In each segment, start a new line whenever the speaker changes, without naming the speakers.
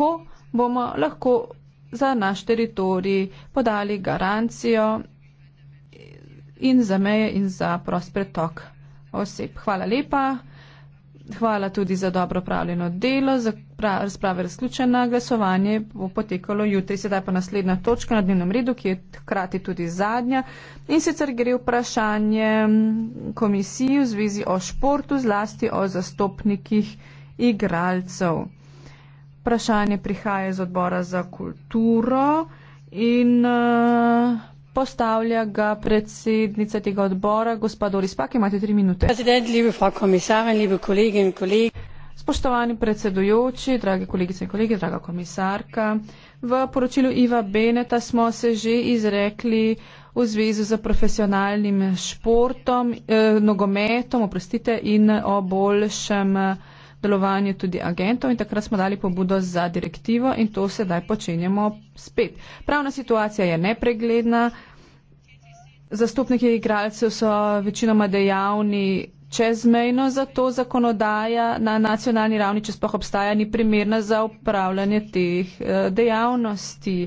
tako bomo lahko za naš teritorij podali garancijo in za meje in za prost pretok oseb. Hvala lepa. Hvala tudi za dobro pravljeno delo, za razprave razključena, glasovanje bo potekalo jutri. Sedaj pa naslednja točka na dnevnem redu, ki je krati tudi zadnja. In sicer gre vprašanje komisiji v zvezi o športu, zlasti o zastopnikih igralcev. Vprašanje prihaja iz odbora za kulturo in uh, postavlja ga predsednica tega odbora, gospa Doris Pak, imate tri minute. Spoštovani predsedujoči, drage kolegice in kolege, draga komisarka, v poročilu Iva Beneta smo se že izrekli v zvezi z profesionalnim športom, eh, nogometom, oprostite, in o boljšem. Eh, delovanju tudi agentov in takrat smo dali pobudo za direktivo in to sedaj počenjamo spet. Pravna situacija je nepregledna, zastopniki igralcev so večinoma dejavni čezmejno, zato zakonodaja na nacionalni ravni, če sploh obstaja, ni primerna za upravljanje teh eh, dejavnosti.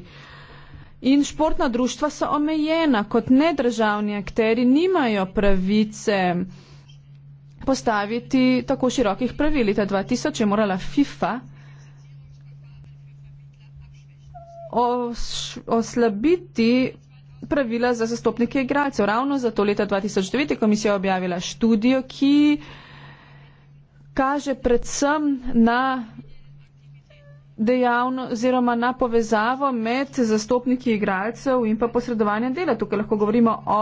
In športna društva so omejena, kot nedržavni akteri nimajo pravice postaviti tako širokih pravil. Leta 2000 je morala FIFA oslabiti pravila za zastopnike igralcev. Ravno zato leta 2009 je komisija objavila študijo, ki kaže predvsem na dejavno oziroma na povezavo med zastopniki igralcev in pa posredovanjem dela. Tukaj lahko govorimo o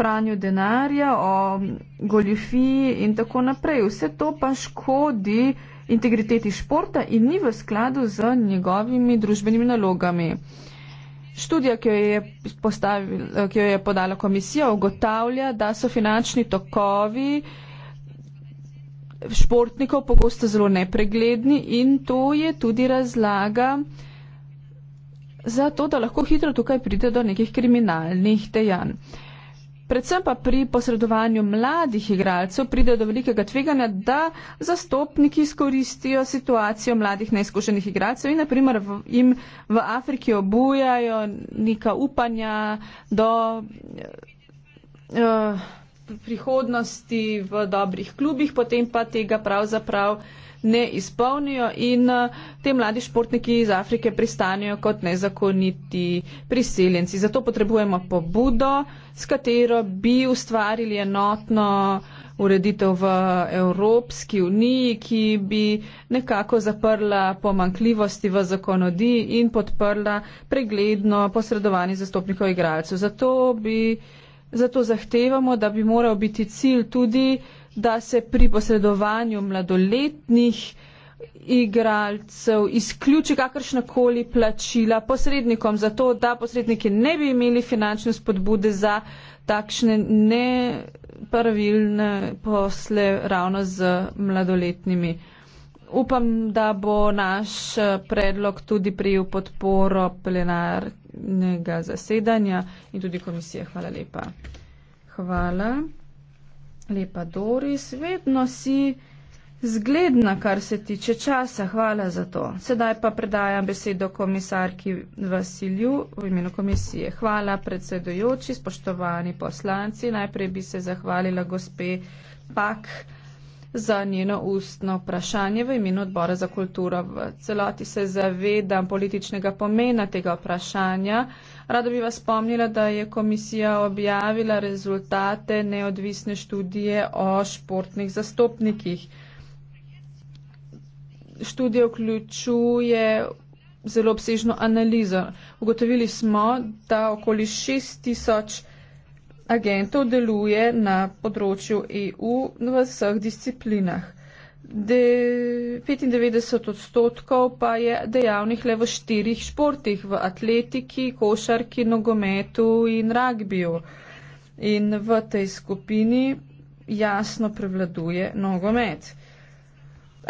pranju denarja, o goljufiji in tako naprej. Vse to pa škodi integriteti športa in ni v skladu z njegovimi družbenimi nalogami. Študija, ki jo, je postavil, ki jo je podala komisija, ugotavlja, da so finančni tokovi športnikov pogosto zelo nepregledni in to je tudi razlaga za to, da lahko hitro tukaj pride do nekih kriminalnih dejanj predvsem pa pri posredovanju mladih igralcev pride do velikega tveganja, da zastopniki izkoristijo situacijo mladih neizkušenih igralcev in naprimer v, jim v Afriki obujajo neka upanja do eh, prihodnosti v dobrih klubih, potem pa tega pravzaprav. Prav ne izpolnijo in eh, te mladi športniki iz Afrike pristanijo kot nezakoniti priseljenci. Zato potrebujemo pobudo, s katero bi ustvarili enotno ureditev v Evropski uniji, ki bi nekako zaprla pomankljivosti v zakonodi in podprla pregledno posredovanje zastopnikov igralcev. Zato, bi, zato zahtevamo, da bi moral biti cilj tudi da se pri posredovanju mladoletnih igralcev izključi kakršnakoli plačila posrednikom, zato da posredniki ne bi imeli finančne spodbude za takšne nepravilne posle ravno z mladoletnimi. Upam, da bo naš predlog tudi prijel podporo plenarnega zasedanja in tudi komisije. Hvala lepa. Hvala. Lepa Doris, vedno si zgledna, kar se tiče časa. Hvala za to. Sedaj pa predajam besedo komisarki Vasilju v imenu komisije. Hvala predsedojoči, spoštovani poslanci. Najprej bi se zahvalila gospe Pak za njeno ustno vprašanje v imenu odbora za kulturo. V celoti se zavedam političnega pomena tega vprašanja. Rada bi vas spomnila, da je komisija objavila rezultate neodvisne študije o športnih zastopnikih. Študija vključuje zelo obsežno analizo. Ugotovili smo, da okoli 6000 agentov deluje na področju EU v vseh disciplinah. 95 odstotkov pa je dejavnih le v štirih športih, v atletiki, košarki, nogometu in ragbiju. In v tej skupini jasno prevladuje nogomet.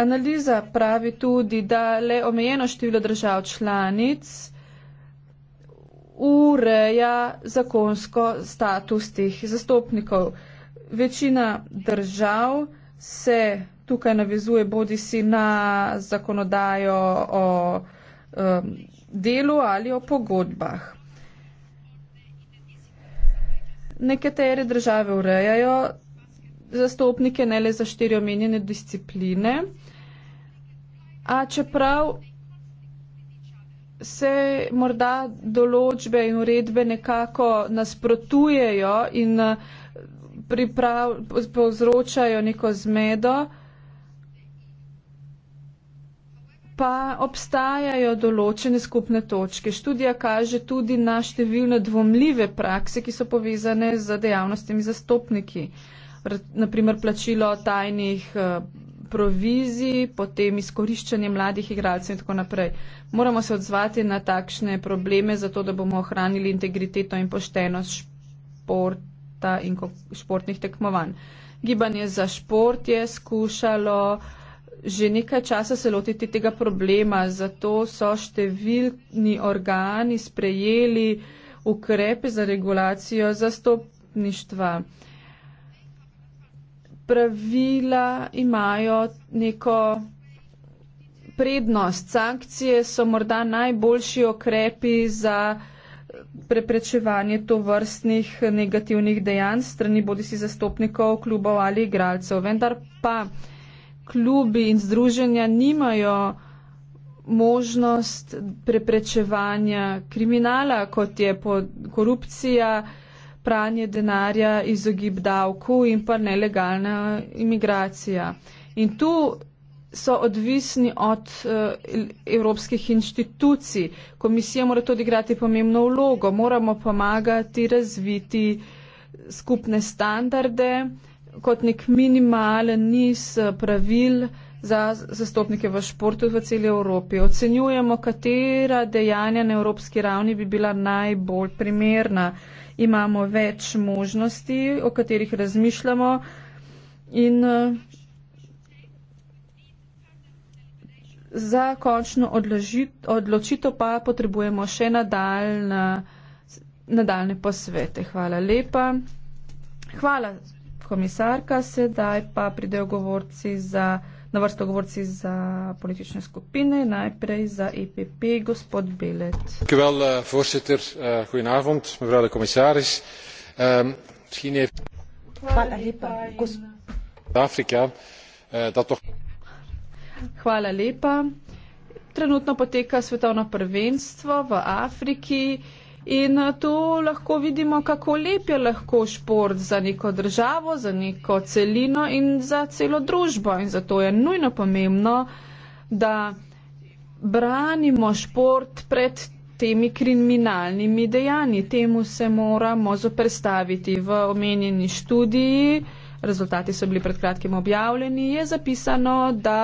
Analiza pravi tudi, da le omejeno število držav članic ureja zakonsko status teh zastopnikov. Večina držav se tukaj navezuje bodi si na zakonodajo o um, delu ali o pogodbah. Nekatere države urejajo zastopnike ne le za štiri omenjene discipline, a čeprav se morda določbe in uredbe nekako nasprotujejo in uh, pripravo, povzročajo neko zmedo, pa obstajajo določene skupne točke. Študija kaže tudi na številne dvomljive prakse, ki so povezane z dejavnostimi zastopniki. Naprimer, plačilo tajnih eh, provizij, potem izkoriščanje mladih igralcev in tako naprej. Moramo se odzvati na takšne probleme, zato da bomo ohranili integriteto in poštenost športa in športnih tekmovanj. Gibanje za šport je skušalo uh, že nekaj časa se lotiti tega problema, zato so številni organi sprejeli ukrepe za regulacijo zastopništva. Pravila imajo neko prednost. Sankcije so morda najboljši okrepi za preprečevanje tovrstnih negativnih dejanj strani bodi si zastopnikov, klubov ali igralcev. Vendar pa klubi in združenja nimajo možnost preprečevanja kriminala, kot je korupcija, pranje denarja, izogib davku in pa nelegalna imigracija. In tu so odvisni od uh, evropskih inštitucij. Komisija mora tudi igrati pomembno vlogo. Moramo pomagati razviti skupne standarde, uh, kot nek minimalen niz eh, pravil za zastopnike v športu v celi Evropi. Ocenjujemo, katera dejanja na evropski ravni bi bila najbolj primerna. Imamo več možnosti, o katerih razmišljamo in eh, za končno odločitev pa potrebujemo še nadaljne, nadaljne posvete. Hvala lepa. Hvala komisarka, sedaj pa pridejo govorci za, na vrsto govorci za politične skupine, najprej za EPP, gospod Belet.
Kvel, eh, voščiter, hujnavond, eh, mevrale komisaris. Ehm,
Hvala lepa, gospod. Afrika, eh, da to. Hvala lepa. Trenutno poteka svetovno prvenstvo v Afriki. In eh, to lahko vidimo, kako lep je lahko šport za neko državo, za neko celino in za celo družbo. In zato je nujno pomembno, da branimo šport pred temi kriminalnimi dejanji. Temu se moramo zoprstaviti. V omenjeni študiji, rezultati so bili pred kratkim objavljeni, je zapisano, da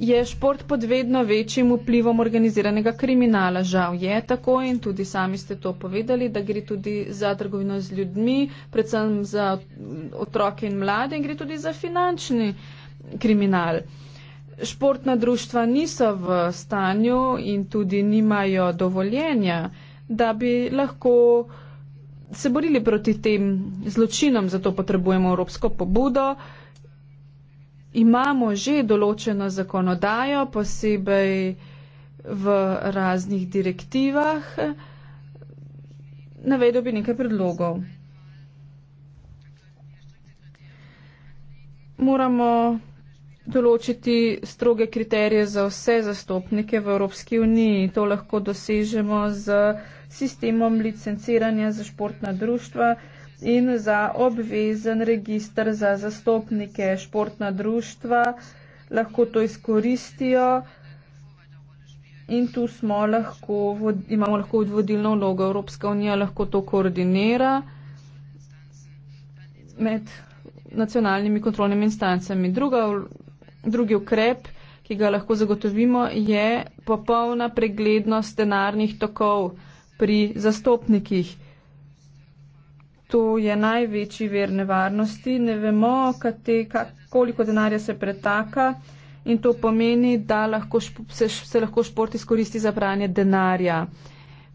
je šport pod vedno večjim vplivom organiziranega kriminala. Žal je tako in tudi sami ste to povedali, da gre tudi za trgovino z ljudmi, predvsem za otroke in mlade in gre tudi za finančni kriminal. Športna društva niso v stanju in tudi nimajo dovoljenja, da bi lahko se borili proti tem zločinom, zato potrebujemo evropsko pobudo imamo že določeno zakonodajo, posebej v raznih direktivah. Navedel bi nekaj predlogov. Moramo določiti stroge kriterije za vse zastopnike v Evropski uniji. To lahko dosežemo z sistemom licenciranja za športna društva, in za obvezen registr za zastopnike športna društva. Lahko to izkoristijo in tu smo lahko, imamo lahko vodilno vlogo. Evropska unija lahko to koordinira med nacionalnimi kontrolnimi instancami. Druga, drugi ukrep, ki ga lahko zagotovimo, je popolna preglednost denarnih tokov pri zastopnikih to je največji ver nevarnosti. Ne vemo, kate, koliko denarja se pretaka in to pomeni, da lahko šp, se, se lahko šport izkoristi za pranje denarja.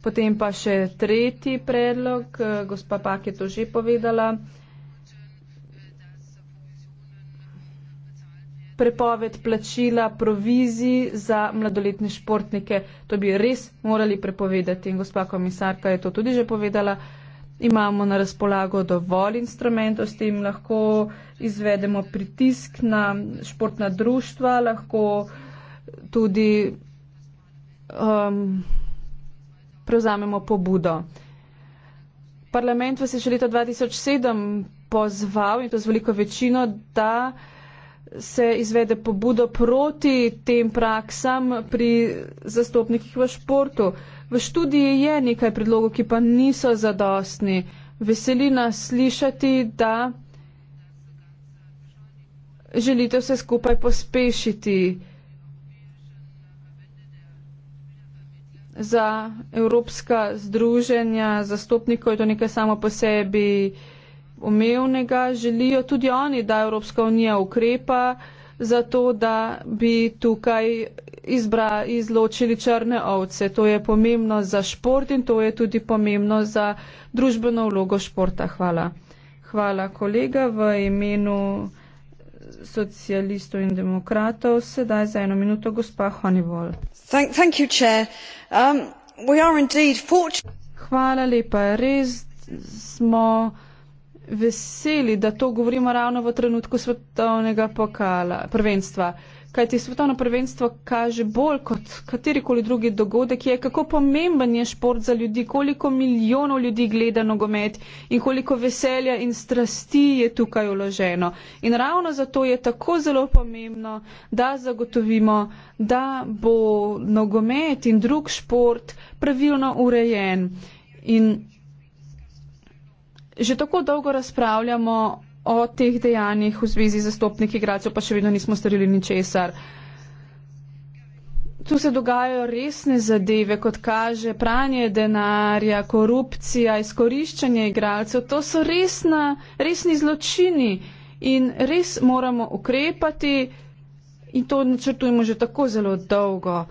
Potem pa še tretji predlog, eh, gospa Pak je to že povedala. Prepoved plačila provizij za mladoletne športnike. To bi res morali prepovedati in gospa komisarka je to tudi že povedala imamo na razpolago dovolj instrumentov, s tem lahko izvedemo pritisk na športna društva, lahko tudi um, prevzamemo pobudo. Parlament vas je že leta 2007 pozval in to z veliko večino, da se izvede pobudo proti tem praksam pri zastopnikih v športu. Uh, V študiji je nekaj predlogov, ki pa niso zadostni. Veseli nas slišati, da želite vse skupaj pospešiti. Za evropska združenja, zastopnikov je to nekaj samo po sebi umevnega. Želijo tudi oni, da Evropska unija ukrepa za to, da bi tukaj izbra, izločili črne ovce. To je pomembno za šport in to je tudi pomembno za družbeno vlogo športa. Hvala. Hvala, kolega, v imenu socialistov in demokratov. Sedaj za eno minuto gospa Honeywell. Thank, thank you, um, Hvala lepa, res smo veseli, da to govorimo ravno v trenutku svetovnega pokala, prvenstva. Kaj ti svetovno prvenstvo kaže bolj kot katerikoli drugi dogodek, je kako pomemben je šport za ljudi, koliko milijonov ljudi gleda nogomet in koliko veselja in strasti je tukaj uloženo. In ravno zato je tako zelo pomembno, da zagotovimo, da bo nogomet in drug šport pravilno urejen. In Že tako dolgo razpravljamo o teh dejanjih v zvezi z zastopniki igralcev, pa še vedno nismo storili ničesar. Tu se dogajajo resne zadeve, kot kaže pranje denarja, korupcija, izkoriščanje igralcev. To so resna, resni zločini in res moramo ukrepati in to načrtujemo že tako zelo dolgo.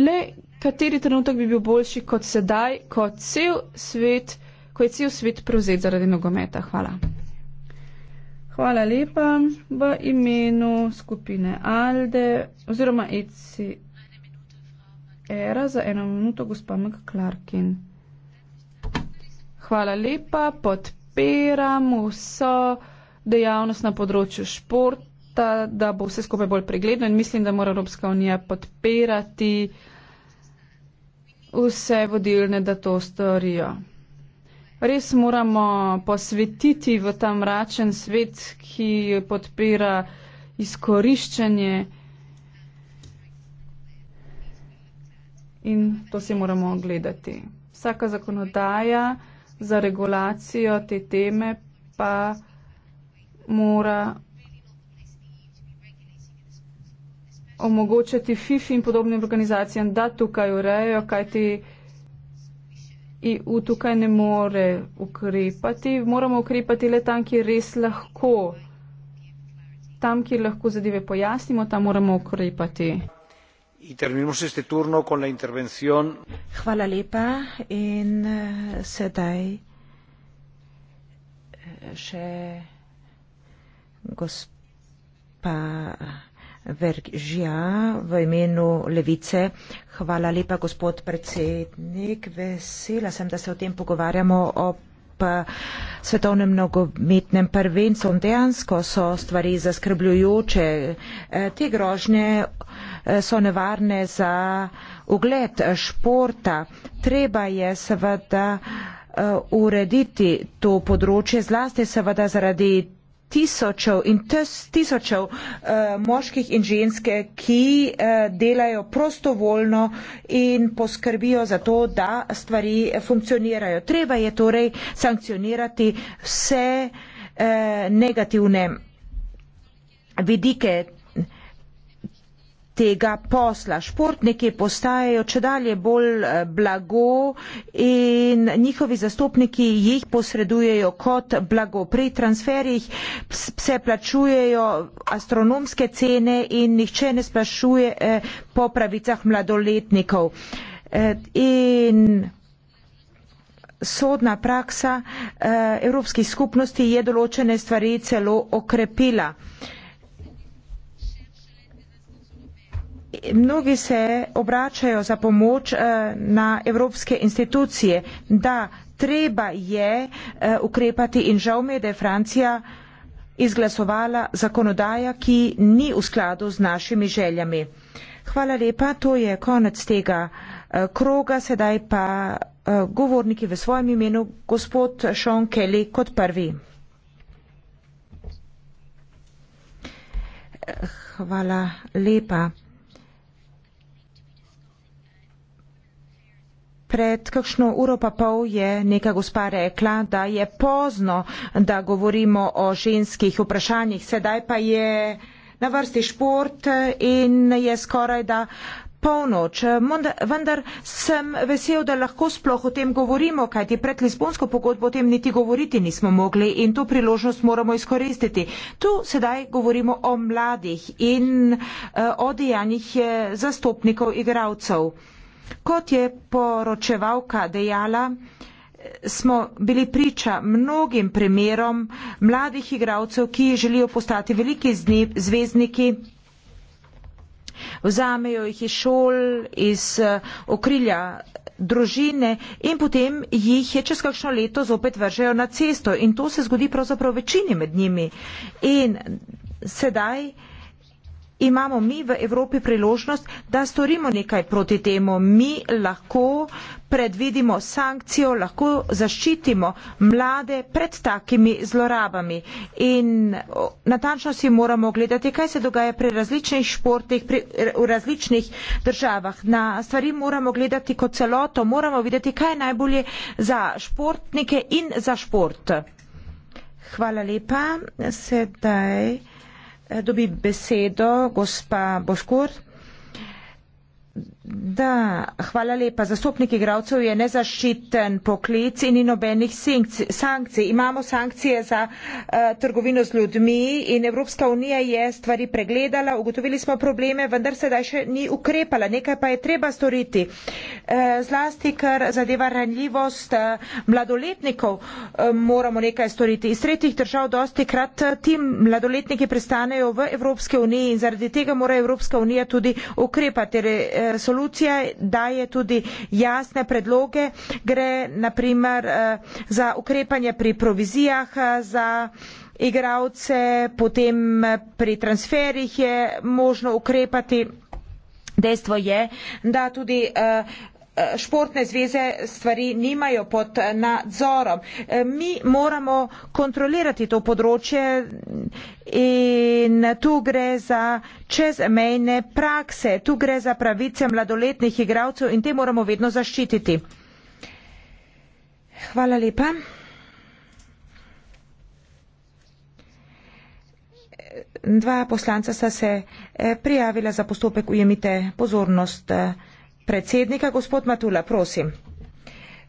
Le kateri trenutek bi bil boljši kot sedaj, kot cel svet ko je cel svet prevzet zaradi nogometa. Hvala. Hvala lepa v imenu skupine Alde oziroma ECI ERA za eno minuto, gospa McClarkin. Hvala lepa, podpiram vso dejavnost na področju športa, da bo vse skupaj bolj pregledno in mislim, da mora Evropska unija podpirati vse vodilne, da to storijo res moramo posvetiti v ta mračen svet, ki podpira izkoriščanje. In to si moramo ogledati. Vsaka zakonodaja za regulacijo te teme pa mora omogočati FIFI in podobnim organizacijam, da tukaj urejo, kaj ti. EU tukaj ne more ukrepati. Moramo ukrepati le tam, kjer res lahko. Tam, kjer lahko zadeve pojasnimo, tam moramo ukrepati. Hvala lepa. In eh,
sedaj eh, še gospod. Vergžija v imenu Levice. Hvala lepa, gospod predsednik. Vesela sem, da se o tem pogovarjamo o eh, svetovnem nogometnem prvencu. Dejansko so stvari zaskrbljujoče. Eh, te grožnje eh, so nevarne za ugled športa. Treba je seveda urediti to področje, zlasti seveda zaradi tisočev in tisočev uh, moških in ženske, ki uh, delajo prostovoljno in poskrbijo za to, da stvari funkcionirajo. Treba je torej sankcionirati vse uh, negativne vidike tega posla. Športniki postajajo čedalje bolj eh, blago in njihovi zastopniki jih posredujejo kot blago. Pri transferjih se plačujejo astronomske cene in nihče ne sprašuje eh, po pravicah mladoletnikov. Eh, in sodna praksa evropskih skupnosti je določene stvari celo okrepila. Mnogi se obračajo za pomoč eh, na evropske institucije, da treba je eh, ukrepati in žal mi je, da je Francija izglasovala zakonodaja, ki ni v skladu z našimi željami. Hvala lepa, to je konec tega eh, kroga, sedaj pa govorniki v svojem imenu, gospod Sean Kelly kot prvi. Hvala lepa. Pred kakšno uro pa pol je neka gospa rekla, da je pozno, da govorimo o ženskih vprašanjih. Sedaj pa je na vrsti šport in je skoraj da polnoč. Vendar sem vesel, da lahko sploh o tem govorimo, kajti pred Lisbonsko pogodbo o tem niti govoriti nismo mogli in to priložnost moramo izkoristiti. Tu sedaj govorimo o mladih in eh, o dejanjih eh, zastopnikov igralcev. Kot je poročevalka dejala, smo bili priča mnogim primerom mladih igralcev, ki želijo postati veliki zvezdniki. Vzamejo jih iz šol, iz eh, okrilja družine in potem jih je čez kakšno leto zopet vržejo na cesto. In to se zgodi pravzaprav večini med njimi. In sedaj imamo mi v Evropi priložnost, da storimo nekaj proti temu. Mi lahko predvidimo sankcijo, lahko zaščitimo mlade pred takimi zlorabami. In natančno si moramo gledati, kaj se dogaja pri različnih športih, pri, v različnih državah. Na stvari moramo gledati kot celoto, moramo videti, kaj je najbolje za športnike in za šport. Hvala lepa. Sedaj. Dobi besedo gospa Boškur. Da, hvala lepa. Zastopnik igravcev je nezaščiten poklic in ni nobenih sankcij. Imamo sankcije za uh, trgovino z ljudmi in Evropska unija je stvari pregledala, ugotovili smo probleme, vendar se daj še ni ukrepala. Nekaj pa je treba storiti. Uh, zlasti, ker zadeva ranljivost uh, mladoletnikov, uh, moramo nekaj storiti. Iz tretjih držav dosti krat uh, ti mladoletniki pristanejo v Evropske uniji in zaradi tega mora Evropska unija tudi ukrepati. Re, uh, resolucija daje tudi jasne predloge, gre naprimer eh, za ukrepanje pri provizijah, eh, za igravce, potem eh, pri transferih je možno ukrepati. Dejstvo je, da tudi uh, Eh, športne zveze stvari nimajo pod eh, nadzorom. Eh, mi moramo kontrolirati to področje in tu gre za čezmejne prakse, tu gre za pravice mladoletnih igralcev in te moramo vedno zaščititi. Hvala lepa. Dva poslanca sta se prijavila za postopek, ujemite pozornost predsednika, gospod Matula, prosim.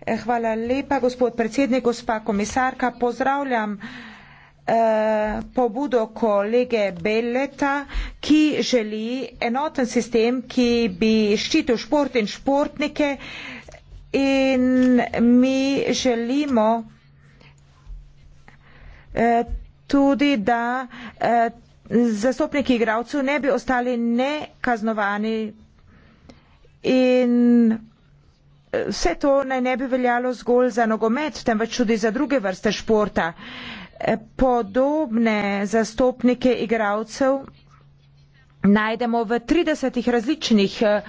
Eh, hvala lepa, gospod predsednik, gospa komisarka. Pozdravljam eh, pobudo kolege Belleta, ki želi enoten sistem, ki bi ščitil šport in športnike in mi želimo eh, tudi, da zastopniki igravcev ne bi ostali nekaznovani In eh, vse to naj ne bi veljalo zgolj za nogomet, temveč tudi za druge vrste športa. Eh, podobne zastopnike igralcev najdemo v 30 različnih eh,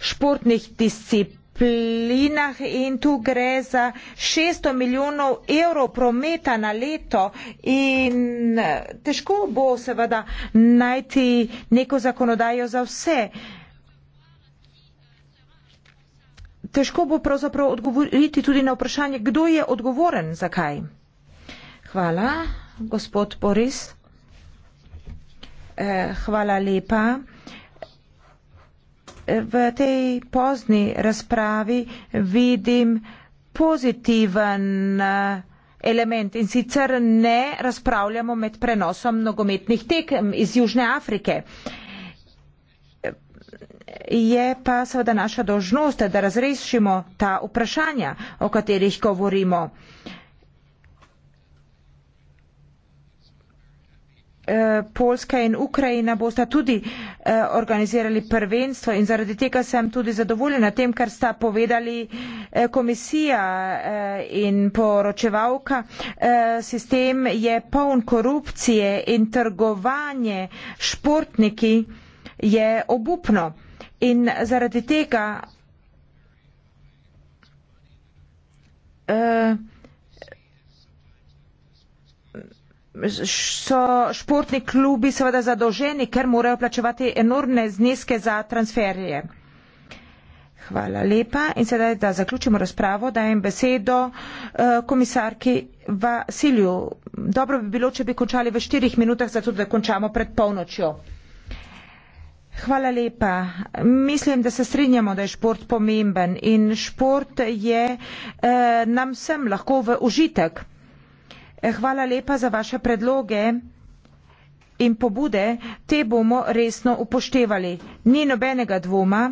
športnih disciplinah in tu gre za 600 milijonov evrov prometa na leto in težko bo seveda najti neko zakonodajo za vse. težko bo pravzaprav odgovoriti tudi na vprašanje, kdo je odgovoren za kaj. Hvala, gospod Boris. Eh, hvala lepa. V tej pozni razpravi vidim pozitiven eh, element in sicer ne razpravljamo med prenosom nogometnih tekem iz Južne Afrike je pa seveda naša dožnost, da razrešimo ta vprašanja, o katerih govorimo. E, Polska in Ukrajina bosta tudi e, organizirali prvenstvo in zaradi tega sem tudi zadovoljena tem, kar sta povedali e, komisija in poročevalka. Sistem je poln korupcije in trgovanje športniki je obupno. In zaradi tega eh, so športni klubi seveda zadolženi, ker morajo plačevati enormne zneske za transferje. Hvala lepa. In sedaj, da zaključimo razpravo, dajem besedo eh, komisarki Vasilju. Dobro bi bilo, če bi končali v štirih minutah, zato da končamo pred polnočjo. Hvala lepa. Mislim, da se strinjamo, da je šport pomemben in šport je eh, nam vsem lahko v užitek. Eh, hvala lepa za vaše predloge in pobude, te bomo resno upoštevali. Ni nobenega dvoma,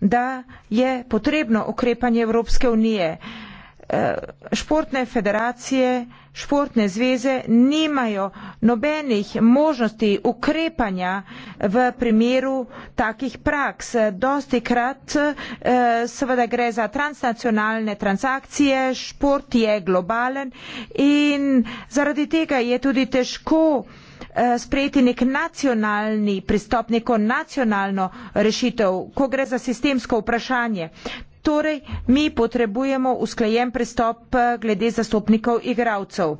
da je potrebno ukrepanje Evropske unije. Eh, Eh, športne federacije, športne zveze nimajo nobenih možnosti ukrepanja v primeru takih praks. Dosti krat eh, seveda gre za transnacionalne transakcije, šport je globalen in zaradi tega je tudi težko eh, sprejeti nek nacionalni pristop, neko nacionalno rešitev, ko gre za sistemsko vprašanje. Torej, mi potrebujemo usklajen pristop eh, glede zastopnikov igravcev.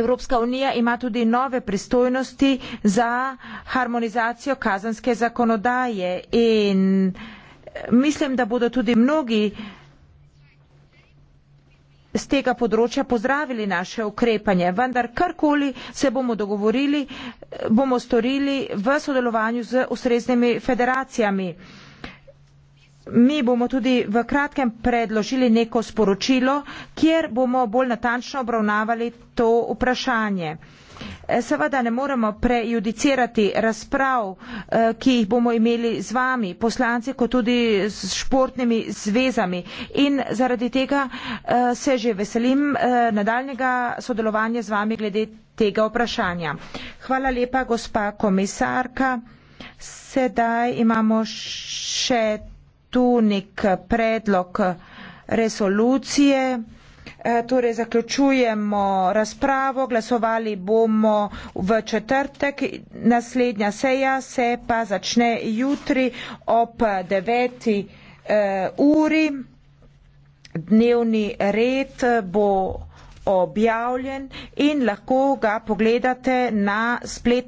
Evropska unija ima tudi nove pristojnosti za harmonizacijo kazanske zakonodaje in eh, mislim, da bodo tudi mnogi z tega področja pozdravili naše ukrepanje, vendar karkoli se bomo dogovorili, eh, bomo storili v sodelovanju z ustreznimi federacijami. Mi bomo tudi v kratkem predložili neko sporočilo, kjer bomo bolj natančno obravnavali to vprašanje. E, seveda ne moremo prejudicirati razprav, e, ki jih bomo imeli z vami, poslanci, kot tudi s športnimi zvezami. In zaradi tega e, se že veselim nadaljnega sodelovanja z vami glede tega vprašanja. Hvala lepa, gospa komisarka. Sedaj imamo še tu nek predlog resolucije. E, torej, zaključujemo razpravo, glasovali bomo v četrtek, naslednja seja se pa začne jutri ob 9. E, uri. Dnevni red bo objavljen in lahko ga pogledate na spletu.